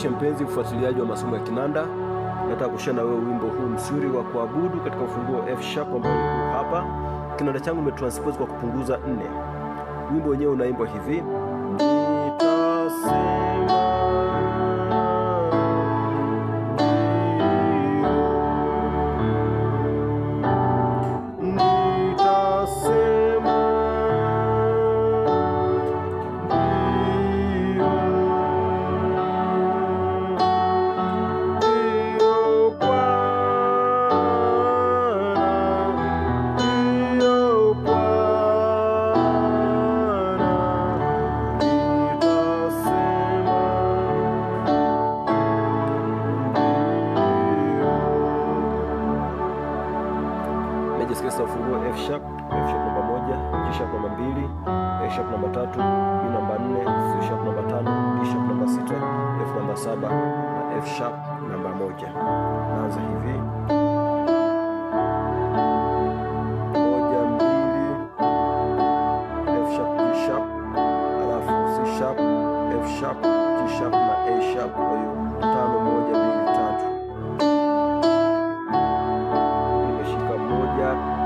Nikukaribishe mpenzi mfuatiliaji wa masomo ya kinanda, nataka kushare na wewe wimbo huu mzuri wa kuabudu katika ufunguo F sharp ambao uko hapa. Kinanda changu nimetranspose kwa kupunguza nne. Wimbo wenyewe unaimbwa hivi sasa ufungue F sharp, F sharp namba moja, G sharp namba mbili, A sharp namba tatu, B namba nne, C sharp namba tano, D sharp namba sita, F namba saba na F sharp namba moja. Naanza hivi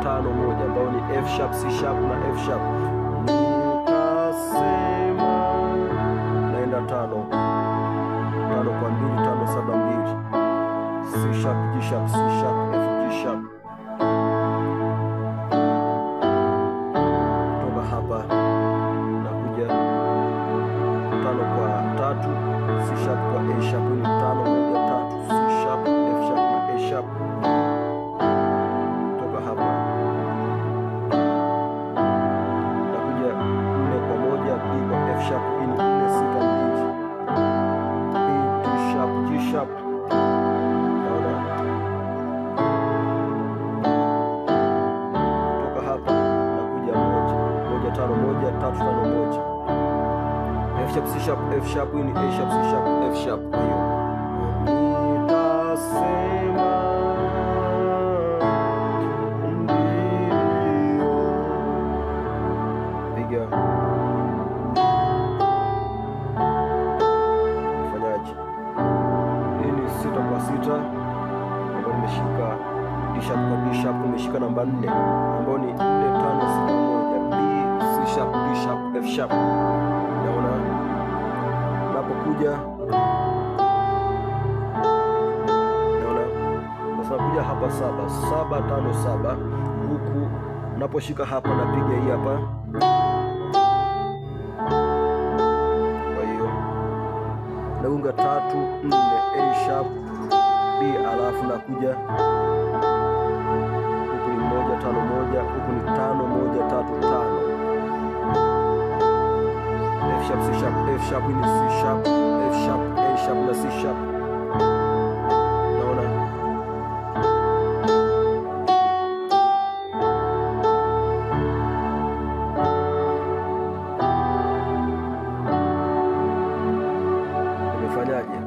tano moja ambayo ni F sharp, C sharp na F sharp. naenda tano tano kwa mbili, tano saba mbili, C sharp, G sharp, C sharp sharp C sharp F sharp, ni A sharp C sharp F sharp. hiyo nitasema ndio, piga fanyaje? Hii ni sita kwa sita ambayo nimeshika D sharp kwa D sharp, nimeshika namba nne ambayo ni nne tano sita moja, B C sharp D sharp F sharp kuja naona sasa kuja hapa saba saba tano saba huku unaposhika hapa napiga hii hapa kwa hiyo nagunga tatu nne A sharp B alafu nakuja huku ni moja tano moja huku ni tano moja tatu tano sharp, C sharp, F sharp, need C sharp, F sharp, A sharp C sharp.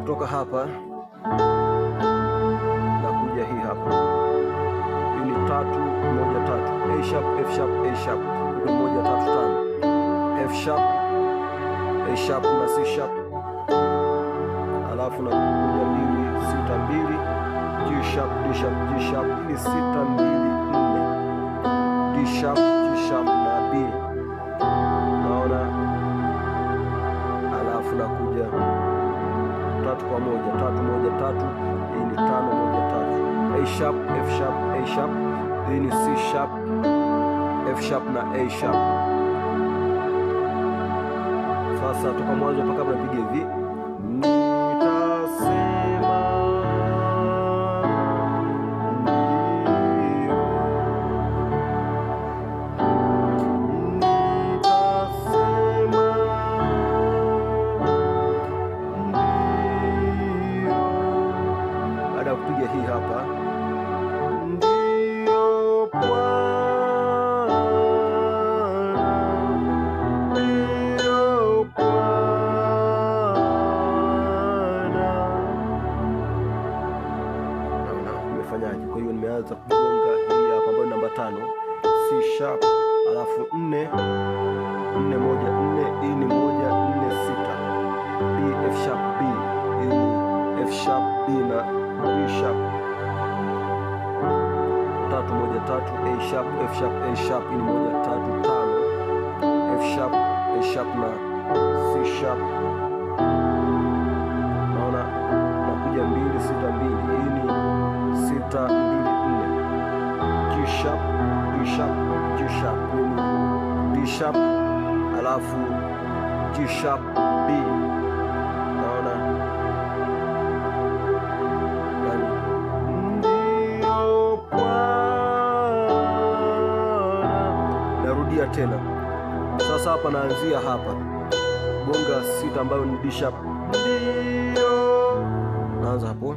Kutoka hapa nakuja hii hapa, ni tatu moja tatu, A sharp, F sharp, A sharp, moja tatu tano, F sharp A sharp na C sharp, alafu nakuja mbili sita mbili G sharp D sharp G sharp, sita mbili nne D sharp G sharp na B, naona alafu nakuja tatu kwa moja tatu moja tatu, hii ni tano moja tatu. A sharp F sharp A sharp, hii ni C sharp F sharp na A sharp sasa toka mwanzo mpaka napiga hivi Kwa hiyo nimeanza kugonga hii hapa ambayo namba tano C sharp, alafu nne nne moja nne, hii e ni moja nne sita, B F sharp B, hii e F sharp B na B sharp tatu moja tatu, A sharp F sharp A sharp, hii e ni moja tatu tano, F sharp A sharp na C sharp. Naona nakuja mbili sita mbili sita mbili nne G sharp D sharp G sharp D sharp alafu G sharp B, naona yaani, ndio Narudia tena sasa, hapa naanzia hapa gonga sita ambayo ni D sharp, naanza hapo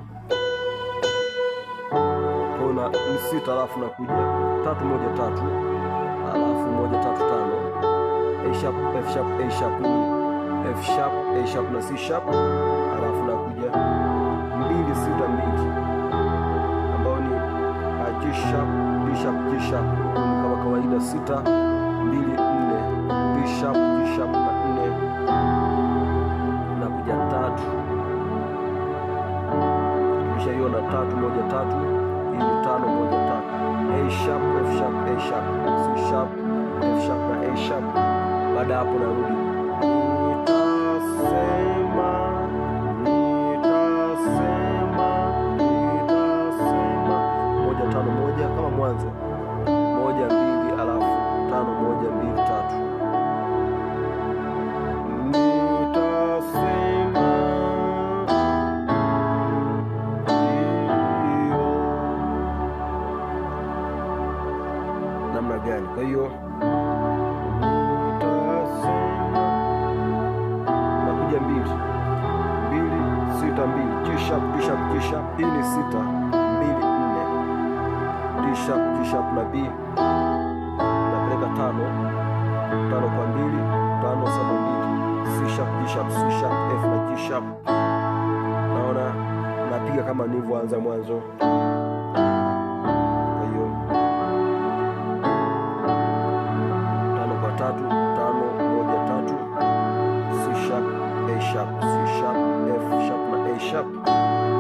na ni sita, alafu kuja tatu moja tatu, alafu moja tatu tano, A sharp F sharp A sharp F sharp A sharp na C sharp, alafu kuja mbili sita mbili, ambao ni G sharp D sharp G sharp kama kawaida, sita mbili nne, D sharp G sharp na nne, kuja tatu, kisha hiyo na tatu moja tatu sharp, F sharp, A sharp, C sharp, F sharp na A sharp. Baada hapo narudi nitasema sita mbili G sharp D sharp G sharp. Hii ni sita mbili nne D sharp G sharp na B, napeleka tano tano kwa mbili tano saba mbili C sharp D sharp C sharp F na G sharp. Naona napiga kama nilivyoanza mwanzo. Kwa tatu tano moja tatu C sharp A sharp deixa.